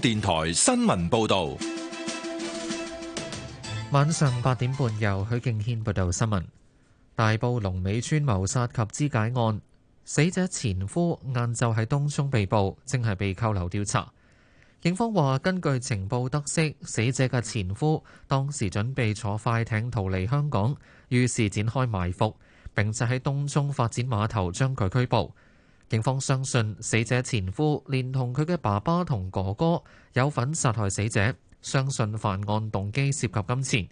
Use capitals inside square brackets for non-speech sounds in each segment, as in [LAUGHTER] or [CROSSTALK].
電台新聞報道，晚上八點半由許敬軒報道新聞。大埔龍尾村謀殺及肢解案，死者前夫晏晝喺東涌被捕，正係被扣留調查。警方話，根據情報得悉，死者嘅前夫當時準備坐快艇逃離香港，於是展開埋伏，並在喺東涌發展碼頭將佢拘捕。警方相信死者前夫連同佢嘅爸爸同哥哥有份殺害死者，相信犯案動機涉及金錢。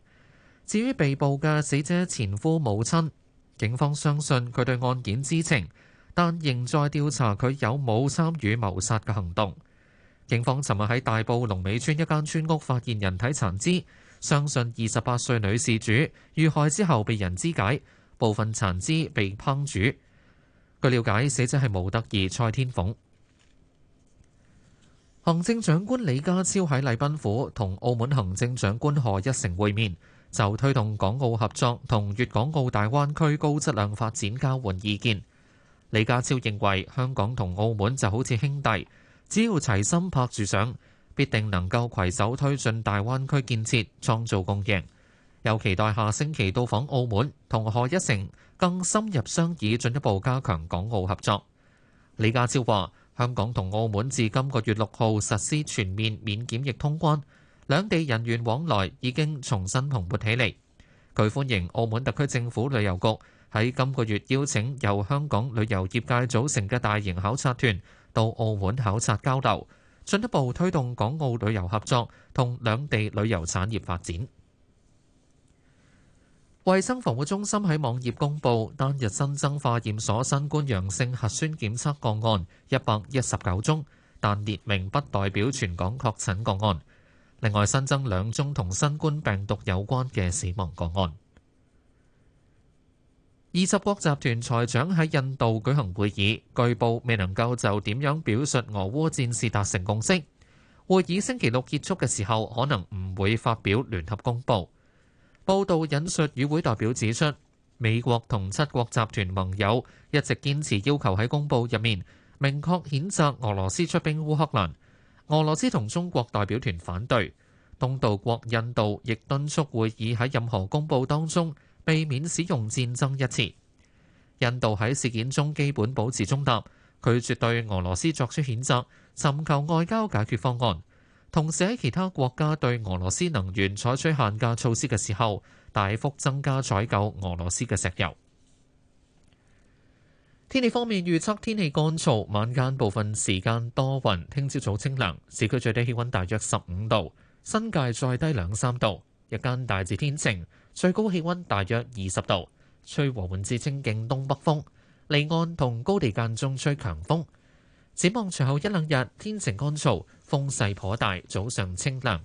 至於被捕嘅死者前夫母親，警方相信佢對案件知情，但仍在調查佢有冇參與謀殺嘅行動。警方尋日喺大埔龍尾村一間村屋發現人體殘肢，相信二十八歲女事主遇害之後被人肢解，部分殘肢被烹煮。據了解，死者係模特兒蔡天鳳。行政長官李家超喺禮賓府同澳門行政長官賀一誠會面，就推動港澳合作同粵港澳大灣區高質量發展交換意見。李家超認為香港同澳門就好似兄弟，只要齊心拍住上，必定能夠攜手推進大灣區建設，創造共贏。又期待下星期到訪澳門同賀一誠。更深入商議，進一步加強港澳合作。李家超話：香港同澳門自今個月六號實施全面免檢疫通關，兩地人員往來已經重新蓬勃起嚟。佢歡迎澳門特區政府旅遊局喺今個月邀請由香港旅遊業界組成嘅大型考察團到澳門考察交流，進一步推動港澳旅遊合作同兩地旅遊產業發展。衛生防護中心喺網頁公布單日新增化驗所新冠陽性核酸檢測個案一百一十九宗，但列明不代表全港確診個案。另外新增兩宗同新冠病毒有關嘅死亡個案。二十國集團財長喺印度舉行會議，據報未能夠就點樣表述俄烏戰事達成共識。會議星期六結束嘅時候，可能唔會發表聯合公報。報道引述與會代表指出，美國同七國集團盟友一直堅持要求喺公佈入面，明確譴責俄羅斯出兵烏克蘭。俄羅斯同中國代表團反對，東道國印度亦敦促會議喺任何公佈當中避免使用戰爭一詞。印度喺事件中基本保持中立，拒絕對俄羅斯作出譴責，尋求外交解決方案。同時喺其他國家對俄羅斯能源採取限價措施嘅時候，大幅增加採購俄羅斯嘅石油。天氣方面預測天氣乾燥，晚間部分時間多雲，聽朝早清涼，市區最低氣温大約十五度，新界再低兩三度，日間大致天晴，最高氣温大約二十度，吹和緩至清勁東北風，離岸同高地間中吹強風。展望隨後一兩日，天晴乾燥，風勢頗大，早上清涼。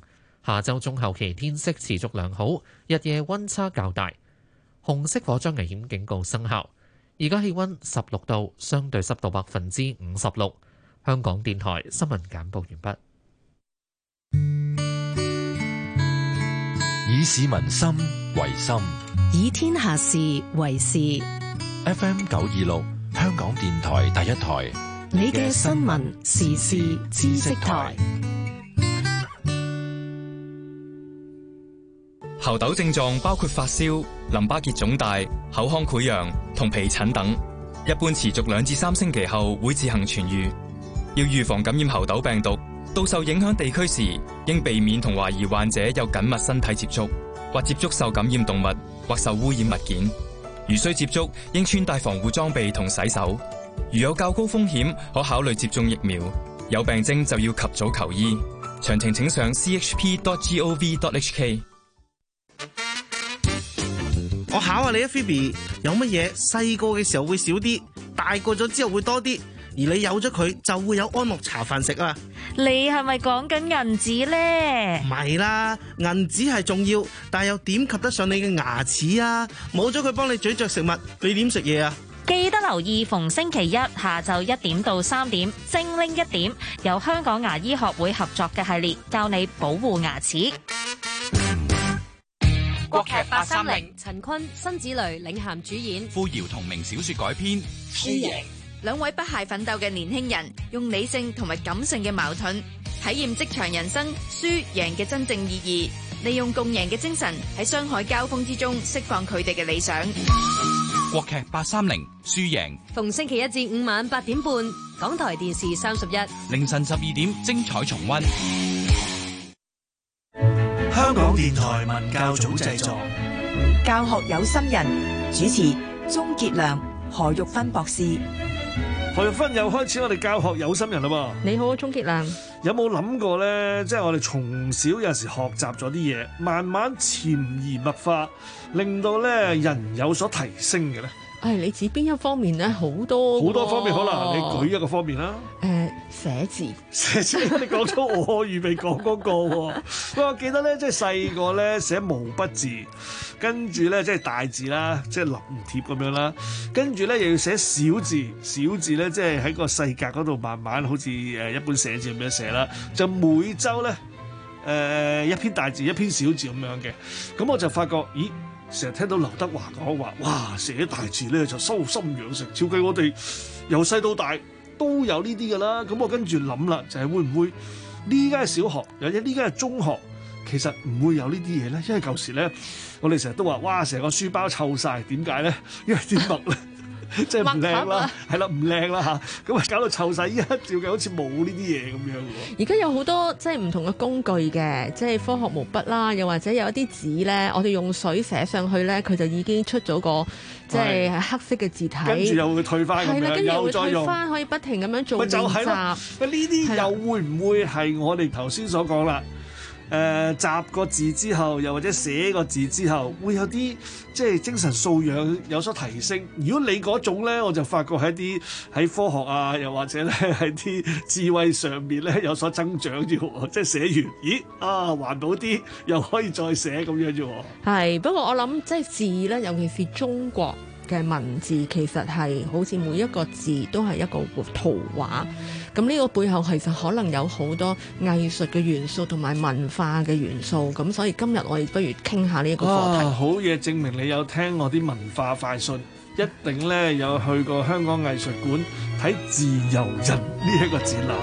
下晝中後期天色持續良好，日夜温差較大。紅色火災危險警告生效。而家氣温十六度，相對濕度百分之五十六。香港電台新聞簡報完畢。以市民心為心，以天下事為事。FM 九二六，香港電台第一台。你嘅新聞時事知識台。猴痘症狀包括發燒、淋巴結腫大、口腔潰瘍同皮疹等，一般持續兩至三星期後會自行痊癒。要預防感染猴痘病毒，到受影響地區時，應避免同懷疑患者有緊密身體接觸，或接觸受感染動物，或受污染物件。如需接觸，應穿戴防護裝備同洗手。如有較高風險，可考慮接種疫苗。有病徵就要及早求醫。詳情請上 chp.gov.hk。 [MUSIC] 我考下你啊，Phoebe，有乜嘢細個嘅時候會少啲，大個咗之後會多啲？而你有咗佢，就會有安樂茶飯食啊？你係咪講緊銀紙咧？唔係啦，銀紙係重要，但又點及得上你嘅牙齒啊？冇咗佢幫你咀嚼食物，你點食嘢啊？記得留意逢星期一下晝一點到三點，精靈一點，由香港牙醫學會合作嘅系列，教你保護牙齒。國劇八三零，陳坤、辛芷蕾領銜主演，付遙同名小說改編。輸贏，兩位不懈奮鬥嘅年輕人，用理性同埋感性嘅矛盾，體驗職場人生輸贏嘅真正意義。利用共贏嘅精神喺商海交鋒之中，釋放佢哋嘅理想。國劇八三零輸贏，逢星期一至五晚八點半，港台電視三十一，凌晨十二點精彩重溫。香港電台文教組製作，教學有心人，主持鍾潔良、何玉芬博士。何玉芬又開始我哋教學有心人啦噃！你好，鍾傑良。有冇諗過咧？即係我哋從小有陣時學習咗啲嘢，慢慢潛移默化，令到咧人有所提升嘅咧？誒、哎，你指邊一方面咧？好多好多方面，可能你舉一個方面啦。誒、呃，寫字，寫字你講咗我預備講嗰個喎。不過我記得咧，即係細個咧寫毛筆字，跟住咧即係大字啦，即係臨帖咁樣啦。跟住咧又要寫小字，小字咧即係喺個細格嗰度慢慢好似誒一般寫字咁樣寫啦。就每周咧，誒、呃、一篇大字，一篇小字咁樣嘅。咁我就發覺，咦？成日聽到劉德華講話，哇！寫大字咧就修心養成。照計我哋由細到大都有呢啲㗎啦。咁我跟住諗啦，就係、是、會唔會呢間小學，或者呢間中學，其實唔會有呢啲嘢咧？因為舊時咧，我哋成日都話，哇！成個書包臭晒，點解咧？因為啲墨啦。 [LAUGHS] 即係唔靚啦，係啦合，唔靚啦吓，咁啊搞到臭曬，依家照鏡，好似冇呢啲嘢咁樣喎。而家有好多即係唔同嘅工具嘅，即係科學毛筆啦，又或者有一啲紙咧，我哋用水寫上去咧，佢就已經出咗個即係黑色嘅字體。跟住又會退翻，跟又，退又再用，可以不停咁樣做就練習。喂，呢啲又會唔會係我哋頭先所講啦？誒，習、呃、個字之後，又或者寫個字之後，會有啲即係精神素養有所提升。如果你嗰種咧，我就發覺係啲喺科學啊，又或者咧喺啲智慧上面咧有所增長啫喎。即係寫完，咦啊，環保啲，又可以再寫咁樣啫喎。係，不過我諗即係字咧，尤其是中國嘅文字，其實係好似每一個字都係一個圖畫。咁呢個背後其實可能有好多藝術嘅元素同埋文化嘅元素，咁所以今日我哋不如傾下呢一個課題。好嘢，證明你有聽我啲文化快訊，一定呢有去過香港藝術館睇自由人呢一個展覽。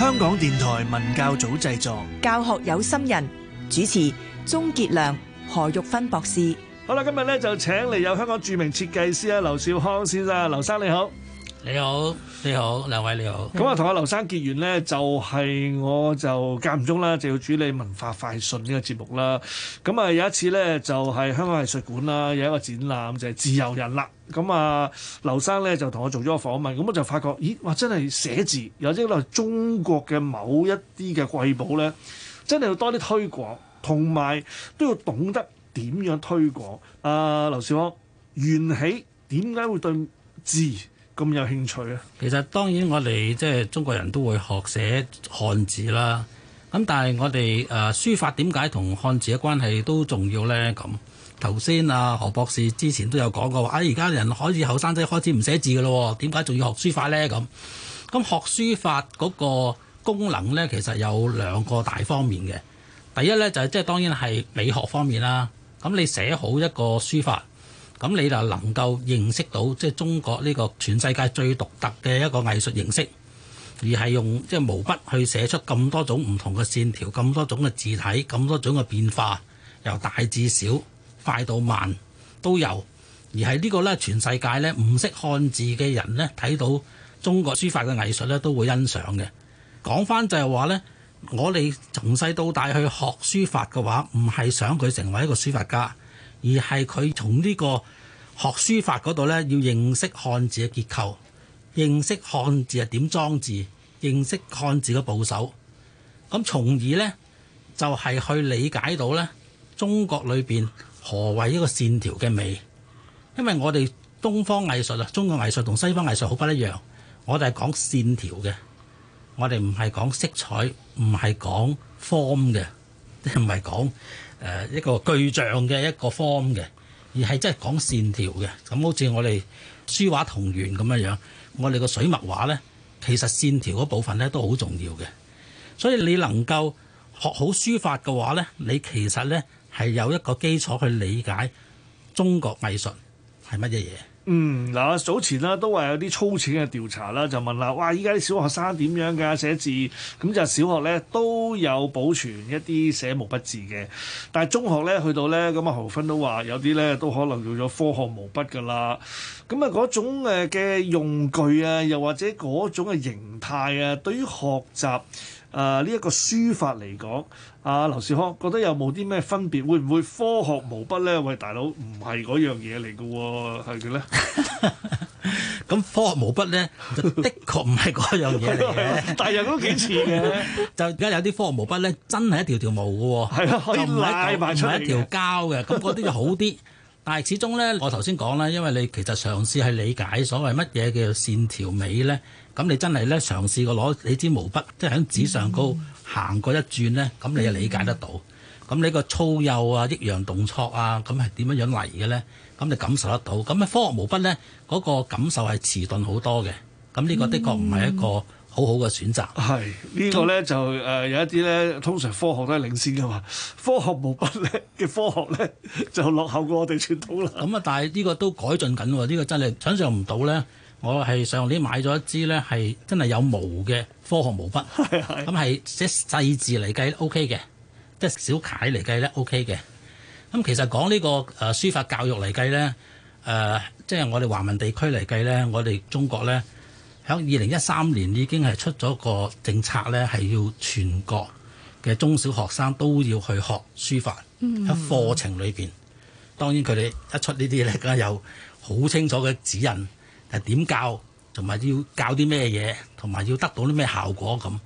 香港電台文教組製作，教學有心人主持，鍾傑良、何玉芬博士。好啦，今日咧就請嚟有香港著名設計師啊，劉少康先生，劉生,劉生你,好你好，你好，你好，兩位你好。咁啊、嗯，同我劉生結緣咧，就係、是、我就間唔中啦，就要處理文化快訊呢個節目啦。咁啊，有一次咧就係、是、香港藝術館啦，有一個展覽就係、是、自由人啦。咁啊，劉生咧就同我做咗個訪問，咁我就發覺，咦，哇，真係寫字，有啲咧中國嘅某一啲嘅瑰寶咧，真係要多啲推廣，同埋都要懂得。點樣推廣？誒、呃，劉少康，緣起點解會對字咁有興趣咧？其實當然我哋即係中國人都會學寫漢字啦。咁但係我哋誒、呃、書法點解同漢字嘅關係都重要呢？咁頭先啊何博士之前都有講過話，啊而家人可以開始後生仔開始唔寫字嘅咯，點解仲要學書法呢？咁咁、嗯、學書法嗰個功能呢，其實有兩個大方面嘅。第一呢，就係、是、即係當然係美學方面啦。咁你寫好一個書法，咁你就能夠認識到即係、就是、中國呢個全世界最獨特嘅一個藝術形式，而係用即係毛筆去寫出咁多種唔同嘅線條，咁多種嘅字體，咁多種嘅變化，由大至小，快到慢都有。而係呢個呢，全世界呢唔識漢字嘅人呢，睇到中國書法嘅藝術呢，都會欣賞嘅。講翻就係話呢。我哋從細到大去學書法嘅話，唔係想佢成為一個書法家，而係佢從呢個學書法嗰度呢，要認識漢字嘅結構，認識漢字係點裝置，認識漢字嘅部首，咁從而呢，就係、是、去理解到呢中國裏邊何為一個線條嘅美。因為我哋東方藝術啊，中國藝術同西方藝術好不一樣，我哋係講線條嘅。我哋唔係講色彩，唔係講 form 嘅，唔係講誒一個具象嘅一個 form 嘅，而係即係講線條嘅。咁好似我哋書畫同源咁樣樣，我哋個水墨畫呢，其實線條嗰部分呢都好重要嘅。所以你能夠學好書法嘅話呢，你其實呢係有一個基礎去理解中國藝術係乜嘢嘢。嗯，嗱，早前咧都話有啲粗淺嘅調查啦，就問啦，哇！依家啲小學生點樣㗎？寫字咁就小學咧都有保存一啲寫毛筆字嘅，但係中學咧去到咧，咁啊豪芬都話有啲咧都可能用咗科學毛筆㗎啦，咁啊嗰種嘅用具啊，又或者嗰種嘅形態啊，對於學習，誒呢一個書法嚟講，阿、啊、劉少康覺得有冇啲咩分別？會唔會科學毛筆咧？喂，大佬唔係嗰樣嘢嚟嘅喎，係嘅咧。咁 [LAUGHS] 科學毛筆咧，就的確唔係嗰樣嘢嚟嘅。但係又都幾似嘅，就而家 [LAUGHS] 有啲科學毛筆咧，真係一條條毛㗎喎，哦，唔係埋係一條膠嘅。咁嗰啲就好啲，但係始終咧，我頭先講啦，因為你其實嘗試係理解所謂乜嘢叫線條尾咧。咁你真係咧嘗試過攞你支毛筆，即係喺紙上高行過一轉咧，咁你就理解得到。咁你個粗幼啊、抑揚頓挫啊，咁係點樣樣嚟嘅咧？咁你感受得到。咁啊，科學毛筆咧嗰、那個感受係遲鈍好多嘅。咁呢個的確唔係一個好好嘅選擇。係呢個咧就誒有一啲咧，通常科學都係領先嘅嘛。科學毛筆咧嘅科學咧就落後過我哋傳統啦。咁 [NOISE] 啊，但係呢個都改進緊喎。呢、這個真係想象唔到咧。我係上年買咗一支呢，係真係有毛嘅科學毛筆，咁係寫細字嚟計 O K 嘅，即係小楷嚟計咧 O K 嘅。咁其實講呢、呢個誒、呃、書法教育嚟計呢，誒、呃、即係我哋華文地區嚟計呢，我哋中國呢，響二零一三年已經係出咗個政策呢，係要全國嘅中小學生都要去學書法喺課程裏邊。當然佢哋一出呢啲咧，梗係有好清楚嘅指引。係點教同埋要教啲咩嘢，同埋要得到啲咩效果咁。咁啊、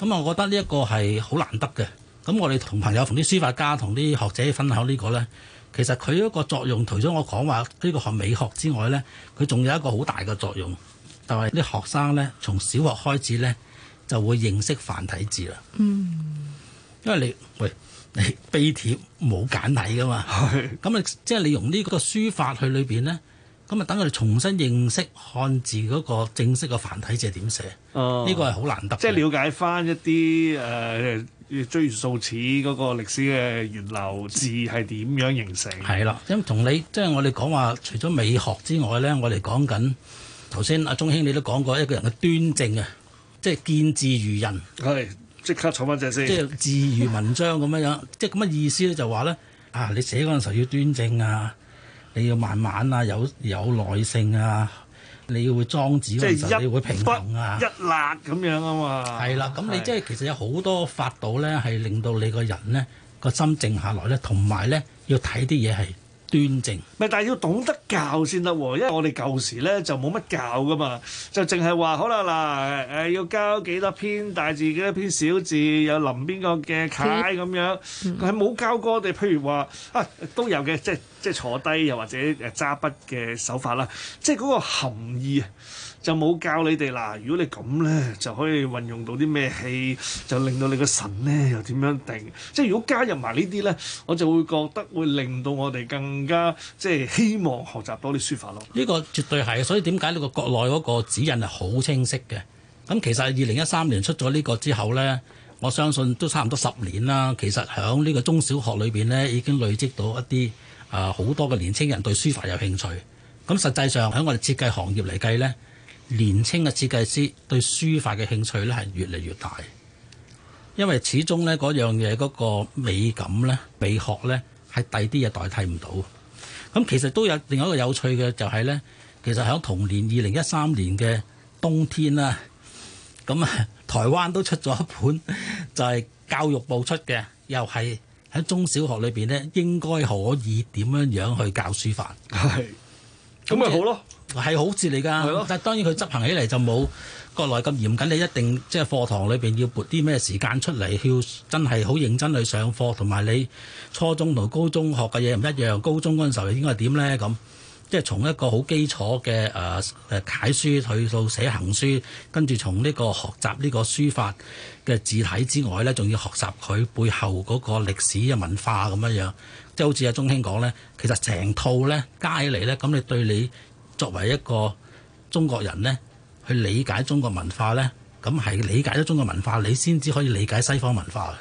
嗯，我覺得呢一個係好難得嘅。咁我哋同朋友同啲書法家同啲學者分享呢、呢個呢，其實佢一個作用，除咗我講話呢、呢個學美學之外呢，佢仲有一個好大嘅作用，就係、是、啲學生呢，從小學開始呢，就會認識繁體字啦。嗯，因為你喂你碑帖冇簡體噶嘛，係咁啊，即係你用呢個書法去裏邊呢。咁啊！等佢哋重新認識漢字嗰個正式嘅繁體字係點寫？哦，呢個係好難得。即係了解翻一啲誒、呃、追數字嗰個歷史嘅源流字係點樣形成？係啦，咁同你即係我哋講話，除咗美學之外咧，我哋講緊頭先阿中興你都講過，一個人嘅端正啊，即係見字如人。係、哎，即刻坐翻正先。即係字如文章咁樣樣，即係咁嘅意思咧、就是，就話咧啊，你寫嗰陣時候要端正啊。你要慢慢啊，有有耐性啊，你要會裝置，嗰陣，你要會平衡啊，一辣咁樣啊嘛。係啦，咁你即係其實有好多法度咧，係令到你個人咧個心靜下來咧，同埋咧要睇啲嘢係。端正，咪但係要懂得教先得喎，因為我哋舊時咧就冇乜教噶嘛，就淨係話好啦嗱誒、呃、要交幾多篇大字嘅，幾多篇小字有臨邊個嘅楷咁樣，係冇教過我哋。譬如話啊都有嘅，即係即係坐低又或者誒揸筆嘅手法啦，即係嗰個含義。就冇教你哋啦，如果你咁呢，就可以運用到啲咩氣，就令到你個神呢又點樣定？即係如果加入埋呢啲呢，我就會覺得會令到我哋更加即係希望學習多啲書法咯。呢個絕對係，所以點解呢個國內嗰個指引係好清晰嘅？咁其實二零一三年出咗呢個之後呢，我相信都差唔多十年啦。其實喺呢個中小學裏邊呢，已經累積到一啲啊好多嘅年青人對書法有興趣。咁實際上喺我哋設計行業嚟計呢。年青嘅設計師對書法嘅興趣咧係越嚟越大，因為始終呢嗰樣嘢嗰個美感呢，美學呢係第啲嘢代替唔到。咁其實都有另外一個有趣嘅就係呢。其實喺同年二零一三年嘅冬天啦，咁啊台灣都出咗一本，就係教育部出嘅，又係喺中小學裏邊呢，應該可以點樣樣去教書法。係，咁咪好咯。係好字嚟㗎，的但係當然佢執行起嚟就冇國內咁嚴謹。你一定即係、就是、課堂裏邊要撥啲咩時間出嚟，要真係好認真去上課，同埋你初中同高中學嘅嘢唔一樣。高中嗰陣時候應該係點呢？咁即係從一個好基礎嘅誒楷書去到寫行書，跟住從呢個學習呢個書法嘅字體之外呢，仲要學習佢背後嗰個歷史嘅文化咁樣樣。即、就、係、是、好似阿中興講呢，其實成套呢，加起嚟呢，咁你對你。作為一個中國人呢，去理解中國文化呢，咁係理解咗中國文化，你先至可以理解西方文化。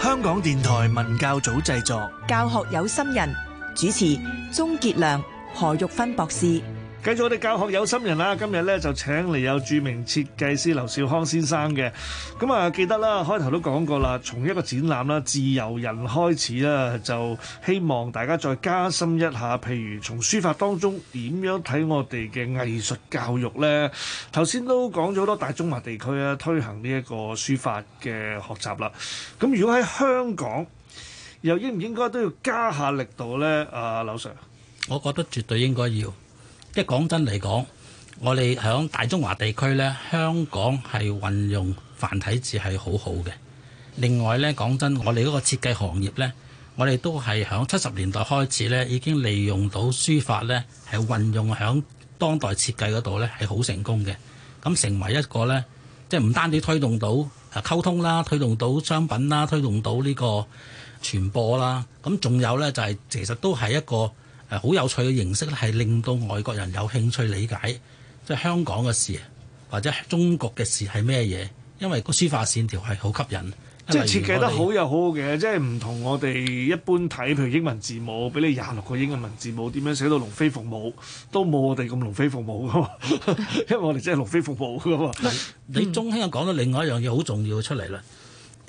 香港電台文教組製作，教學有心人主持，鍾傑良、何玉芬博士。繼續我哋教學有心人啦。今日咧就請嚟有著名設計師劉少康先生嘅咁啊。記得啦，開頭都講過啦，從一個展覽啦，自由人開始啦、啊，就希望大家再加深一下。譬如從書法當中點樣睇我哋嘅藝術教育呢？頭先都講咗好多大中華地區啊，推行呢一個書法嘅學習啦。咁如果喺香港又應唔應該都要加下力度呢？啊、呃，劉 sir，我覺得絕對應該要。即係講真嚟講，我哋喺大中華地區呢，香港係運用繁體字係好好嘅。另外呢，講真，我哋嗰個設計行業呢，我哋都係喺七十年代開始呢已經利用到書法呢係運用喺當代設計嗰度呢係好成功嘅。咁成為一個呢，即係唔單止推動到啊溝通啦，推動到商品啦，推動到呢個傳播啦。咁仲有呢，就係其實都係一個好有趣嘅形式咧，係令到外國人有興趣理解即係香港嘅事或者中國嘅事係咩嘢？因為個書法線條係好吸引，即係設計得好又好嘅，即係唔同我哋一般睇，譬如英文字母，俾你廿六個英文字母點樣寫到龍飛鳳舞，都冇我哋咁龍飛鳳舞噶嘛， [LAUGHS] 因為我哋真係龍飛鳳舞噶嘛。 [LAUGHS] 你中興又講到另外一樣嘢好重要出嚟啦，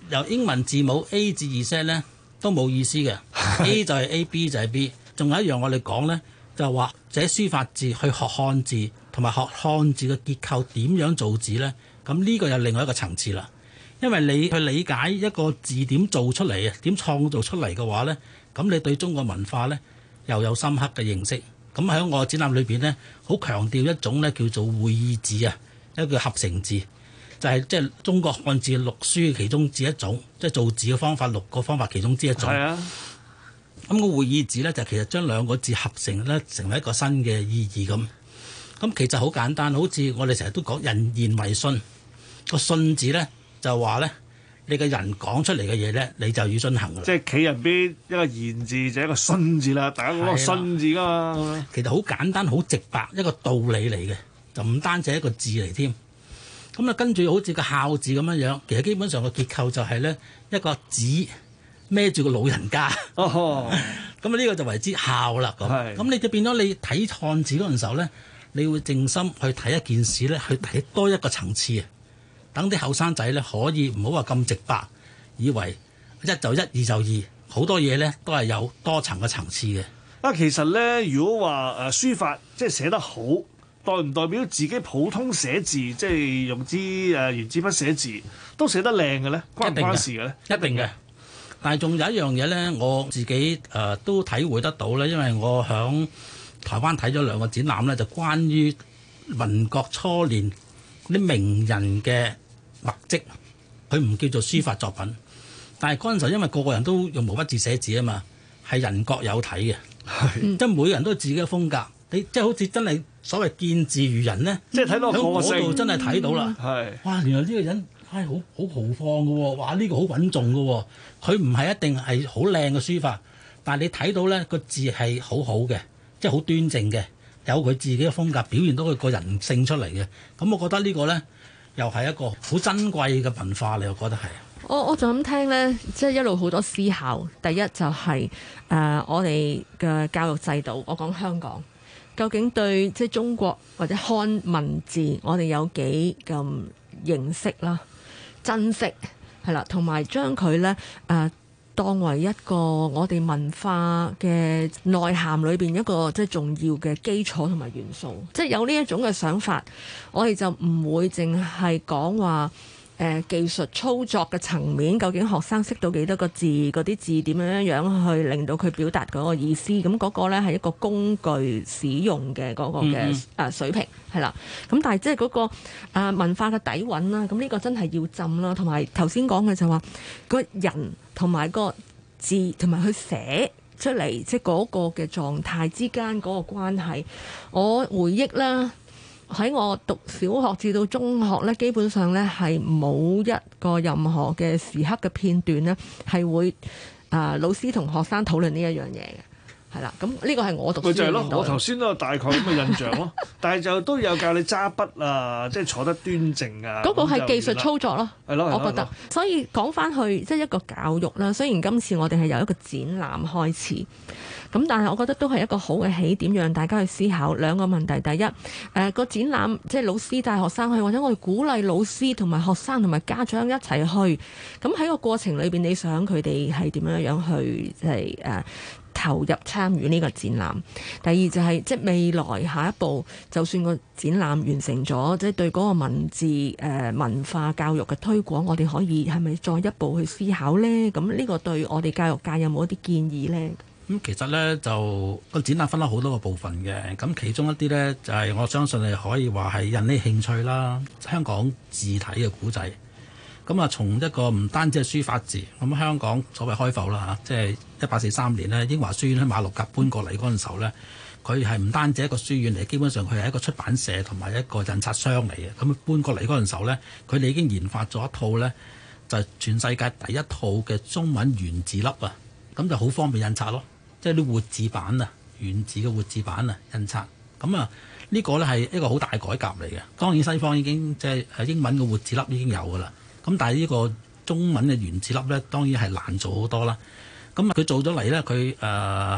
由英文字母 A 至 Z 咧都冇意思嘅 [LAUGHS] ，A 就係 A，B 就係 B。仲有一樣我哋講呢，就係話寫書法字去學漢字，同埋學漢字嘅結構點樣造字呢？咁呢個又另外一個層次啦。因為你去理解一個字點做出嚟啊，點創造出嚟嘅話呢，咁你對中國文化呢又有深刻嘅認識。咁喺我嘅展覽裏邊呢，好強調一種呢叫做會意字啊，一個叫合成字，就係即係中國漢字六書其中之一種，即係造字嘅方法六個方法其中之一種。咁個會意字咧，就其實將兩個字合成咧，成為一個新嘅意義。咁。咁其實好簡單，好似我哋成日都講人言為信，個信字咧就話咧你個人講出嚟嘅嘢咧，你就要遵行。即係企入邊一個言字就一個信字啦，大家講個信字噶嘛？的其實好簡單，好直白，一個道理嚟嘅，就唔單止係一個字嚟添。咁啊，跟住好似個孝字咁樣樣，其實基本上個結構就係咧一個子。孭住個老人家，咁啊呢個就為之孝啦。咁，咁你就變咗你睇漢字嗰陣時候咧，你會靜心去睇一件事咧，去睇多一個層次啊。等啲後生仔咧，可以唔好話咁直白，以為一就一，一就一，二就二，好多嘢咧都係有多層嘅層次嘅。啊，其實咧，如果話誒書法即係寫得好，代唔代表自己普通寫字，即係用支誒原子筆寫字都寫得靚嘅咧？關唔關事嘅咧？一定嘅。但係仲有一樣嘢咧，我自己誒、呃、都體會得到咧，因為我響台灣睇咗兩個展覽咧，就關於民國初年啲名人嘅墨跡，佢唔叫做書法作品。但係嗰陣時候因為個個人都用毛筆字寫字啊嘛，係人各有體嘅，的嗯、即係每人都有自己嘅風格。你即係好似真係所謂見字如人咧，即係睇到個個字真係睇到啦。係、嗯嗯嗯嗯嗯、哇，原來呢個人。唉，好好豪放嘅喎、哦，哇！呢、這個好穩重嘅喎、哦，佢唔係一定係好靚嘅書法，但係你睇到呢個字係好好嘅，即係好端正嘅，有佢自己嘅風格，表現到佢個人性出嚟嘅。咁、嗯、我覺得呢個呢，又係一個好珍貴嘅文化，你又覺得係？我我就咁聽呢，即係一路好多思考。第一就係、是、誒、呃，我哋嘅教育制度，我講香港究竟對即係中國或者漢文字，我哋有幾咁認識啦？珍惜係啦，同埋將佢咧誒，當為一個我哋文化嘅內涵裏邊一個即係重要嘅基礎同埋元素，即係有呢一種嘅想法，我哋就唔會淨係講話。誒、呃、技術操作嘅層面，究竟學生識到幾多個字？嗰啲字點樣樣去令到佢表達嗰個意思？咁、那、嗰個呢係一個工具使用嘅嗰個嘅誒水平，係啦、mm。咁、hmm. 但係即係嗰個、呃、文化嘅底蘊啦，咁呢個真係要浸啦。同埋頭先講嘅就話個人同埋個字同埋佢寫出嚟，即係嗰個嘅狀態之間嗰個關係。我回憶啦。喺我讀小學至到中學咧，基本上咧係冇一個任何嘅時刻嘅片段咧，係會啊老師同學生討論呢一樣嘢嘅，係啦。咁呢個係我讀書時代。就係咯，我頭先都有大概咁嘅印象咯。 [LAUGHS] 但係就都有教你揸筆啊，即係坐得端正啊。嗰個係技術操作咯、啊，係咯，我覺得。所以講翻去即係一個教育啦。雖然今次我哋係由一個展覽開始。咁，但係我覺得都係一個好嘅起點，讓大家去思考兩個問題。第一，誒、呃那個展覽即係老師帶學生去，或者我哋鼓勵老師同埋學生同埋家長一齊去。咁喺個過程裏邊，你想佢哋係點樣樣去係誒、就是呃、投入參與呢個展覽？第二就係、是、即係未來下一步，就算個展覽完成咗，即係對嗰個文字誒、呃、文化教育嘅推廣，我哋可以係咪再一步去思考呢？咁呢個對我哋教育界有冇一啲建議呢？咁其實呢，就個展覽分開好多個部分嘅，咁其中一啲呢，就係我相信係可以話係引起興趣啦。香港字體嘅古仔，咁啊從一個唔單止係書法字，咁香港所謂開埠啦嚇，即係一八四三年呢，英華書院喺馬六甲搬過嚟嗰陣時候呢，佢係唔單止一個書院嚟，基本上佢係一個出版社同埋一個印刷商嚟嘅。咁搬過嚟嗰陣時候呢，佢哋已經研發咗一套呢，就係全世界第一套嘅中文原字粒啊，咁就好方便印刷咯。即係啲活字版啊，原字嘅活字版啊，印刷咁啊，呢、嗯呢個呢係一個好大改革嚟嘅。當然西方已經即係英文嘅活字粒已經有㗎啦。咁但係呢個中文嘅原字粒呢，當然係難做好多啦。咁、嗯、佢做咗嚟呢，佢誒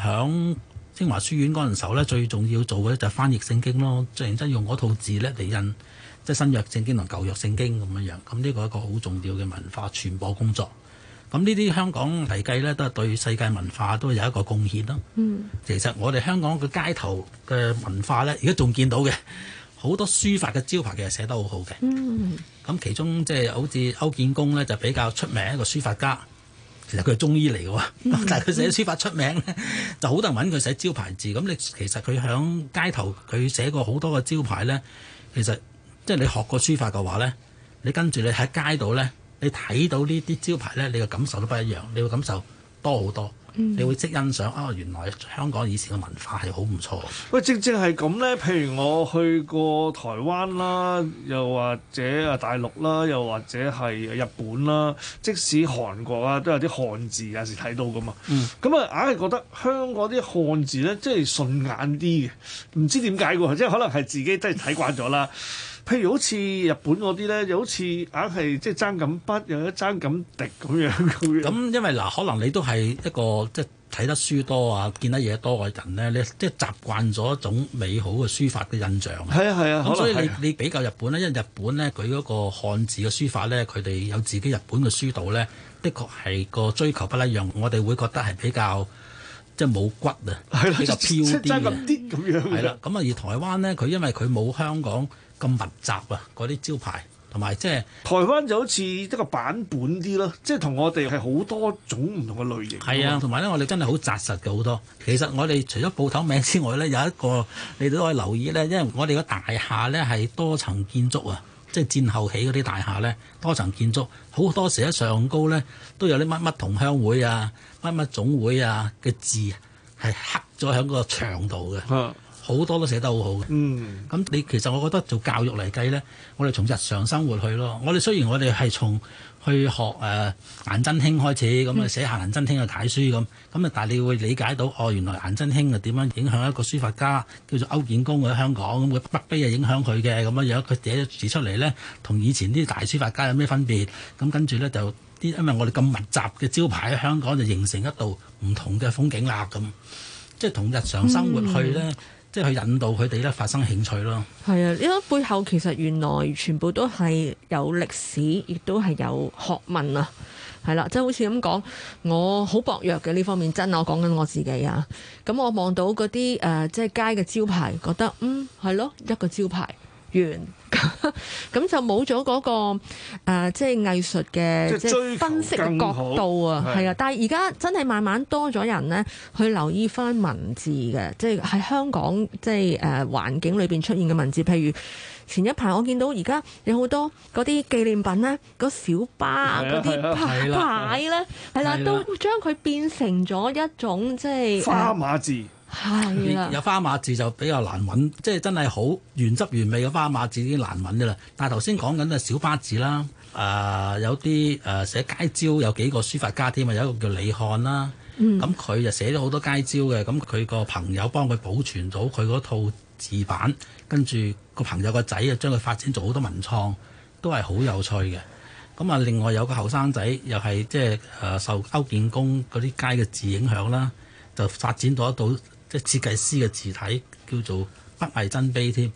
響清華書院嗰陣時候呢，最重要做嘅就係翻譯聖經咯，最認真用嗰套字呢嚟印，即係新約聖經同舊約聖經咁樣樣。咁、這、呢個係一個好重要嘅文化傳播工作。咁呢啲香港嚟計呢，都係對世界文化都有一個貢獻咯。嗯，其實我哋香港嘅街頭嘅文化呢，而家仲見到嘅好多書法嘅招牌，其實寫得好好嘅。嗯，咁其中即係好似歐建公呢，就是、比較出名一個書法家。其實佢係中醫嚟嘅喎，但係佢寫書法出名呢，嗯嗯、就好多人揾佢寫招牌字。咁你其實佢響街頭佢寫過好多個招牌呢。其實即係你學過書法嘅話呢，你跟住你喺街度呢。你睇到呢啲招牌呢，你嘅感受都不一樣，你會感受多好多，你會即欣賞啊、哦！原來香港以前嘅文化係好唔錯嘅。喂，正正係咁呢。譬如我去過台灣啦，又或者啊大陸啦，又或者係日本啦，即使韓國啊都有啲漢字，有時睇到㗎嘛。咁啊、嗯，硬係、嗯、覺得香港啲漢字呢，即係順眼啲嘅，唔知點解喎，即係可能係自己真係睇慣咗啦。 [LAUGHS] 譬如好似日本嗰啲咧，又好似硬係即係爭咁筆，又一爭咁滴咁樣。咁因為嗱，可能你都係一個即係睇得書多啊，見得嘢多嘅人咧，你即係習慣咗一種美好嘅書法嘅印象。係啊係啊，咁、啊、所以你、啊、你比較日本咧，因為日本咧佢嗰個漢字嘅書法咧，佢哋有自己日本嘅書道咧，的確係個追求不一樣。我哋會覺得係比較即係冇骨啊，比較飄啲啊，係啦。咁啊，而台灣咧，佢因為佢冇香港咁密集啊！嗰啲招牌同埋即係台灣就好似一個版本啲咯，即係同我哋係好多種唔同嘅類型。係啊，同埋咧，我哋真係好扎實嘅好多。其實我哋除咗舖頭名之外咧，有一個你哋都可以留意咧，因為我哋個大廈咧係多層建築啊，即係戰後起嗰啲大廈咧，多層建築好多時喺上高咧都有啲乜乜同鄉會啊、乜乜總會啊嘅字係刻咗喺個牆度嘅。 [LAUGHS] 好多都寫得好好嘅，咁你、嗯、其實我覺得做教育嚟計呢，我哋從日常生活去咯。我哋雖然我哋係從去學誒顏、呃、真卿開始，咁啊寫下顏真卿嘅楷書咁，咁啊但係你會理解到哦，原來顏真卿啊點樣影響一個書法家叫做歐建功喺香港咁嘅北碑啊影響佢嘅咁樣有佢寫字出嚟呢，同以前啲大書法家有咩分別？咁跟住呢，就啲，因為我哋咁密集嘅招牌喺香港就形成一道唔同嘅風景啦，咁即係同日常生活去呢。嗯即係去引導佢哋咧發生興趣咯。係啊，呢個背後其實原來全部都係有歷史，亦都係有學問啊。係啦、啊，即係好似咁講，我好薄弱嘅呢方面真係啊，我講緊我自己啊。咁我望到嗰啲誒即係街嘅招牌，覺得嗯係咯、啊、一個招牌。完咁 [LAUGHS] 就冇咗嗰個、呃、即係藝術嘅分析嘅角度啊，係啊！但係而家真係慢慢多咗人咧，去留意翻文字嘅，即係喺香港即係誒、呃、環境裏邊出現嘅文字。譬如前一排我見到而家有好多嗰啲紀念品咧，嗰、嗰個、小巴嗰啲牌咧，係啦的，都將佢變成咗一種即係、嗯。花碼字。係、哦、有花馬字就比較難揾，即係真係好原汁原味嘅花馬字已經難揾嘅啦。但係頭先講緊嘅小巴字啦，誒、呃、有啲誒寫街招有幾個書法家添啊，有一個叫李漢啦，咁佢就寫咗好多街招嘅，咁佢個朋友幫佢保存到佢嗰套字版，跟住個朋友個仔啊將佢發展做好多文創，都係好有趣嘅。咁啊，另外有個後生仔又係即係誒受區建公嗰啲街嘅字影響啦，就發展到一到。啲設計師嘅字體叫做北魏真碑添，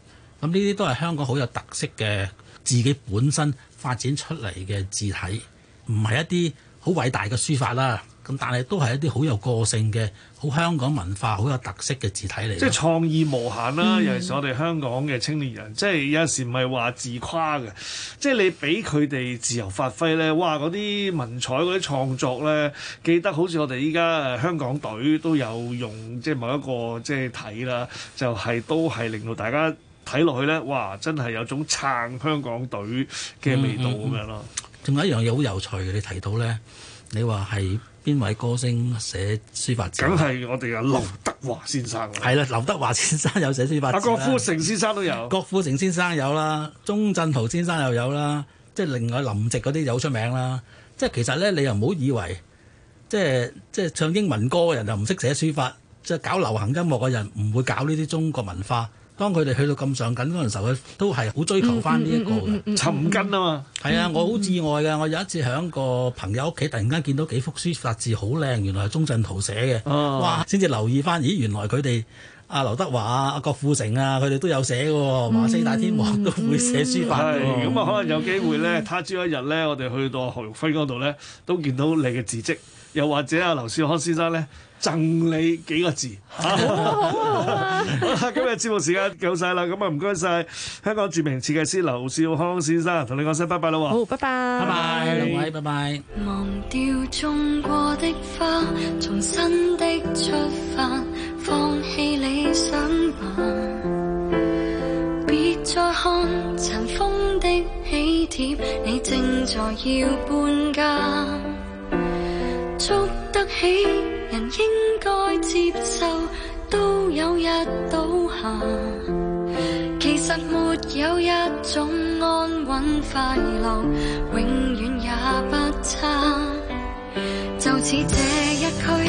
咁呢啲都係香港好有特色嘅，自己本身發展出嚟嘅字體，唔係一啲好偉大嘅書法啦。但係都係一啲好有個性嘅、好香港文化、好有特色嘅字體嚟嘅，即係創意無限啦、啊，嗯、尤其係我哋香港嘅青年人。即係有時唔係話自誇嘅，即係你俾佢哋自由發揮咧，哇！嗰啲文采嗰啲創作咧，記得好似我哋依家香港隊都有用，即係某一個即係睇啦，就係、是、都係令到大家睇落去咧，哇！真係有種撐香港隊嘅味道咁樣咯。仲、嗯嗯嗯、有一樣嘢好有趣嘅，你提到咧，你話係。邊位歌星寫書法？梗係我哋阿劉德華先生啦、啊，係啦， [LAUGHS] 劉德華先生有寫書法、啊、郭富城先生都有， [LAUGHS] 郭富城先生有啦，鍾鎮濤先生又有啦，即係另外林夕嗰啲有出名啦。即係其實呢，你又唔好以為，即係即係唱英文歌嘅人就唔識寫書法，即係搞流行音樂嘅人唔會搞呢啲中國文化。當佢哋去到咁上緊嗰陣時候，佢都係好追求翻呢一個嘅尋根啊嘛。係啊、嗯嗯嗯嗯嗯，我好至愛㗎。我有一次喺個朋友屋企，突然間見到幾幅書法字好靚，原來係鍾鎮濤寫嘅。哦、哇，先至留意翻，咦，原來佢哋阿劉德華啊、阿郭富城啊，佢哋都有寫嘅喎。四大天王都會寫書法嘅。咁啊、嗯，可能有機會咧，他朝一日咧，我哋去到何玉輝嗰度咧，都見到你嘅字跡。又或者阿劉少康先生咧。贈你幾個字， [LAUGHS] [LAUGHS] [LAUGHS] 今日節目時間夠晒啦，咁啊唔該晒香港著名設計師劉少康先生，同你講聲拜拜啦，好，拜拜，拜拜，兩位，拜拜。Bye bye. 忘掉得起人應該接受，都有日倒下。其實沒有一種安穩快樂，永遠也不差。就似這一區。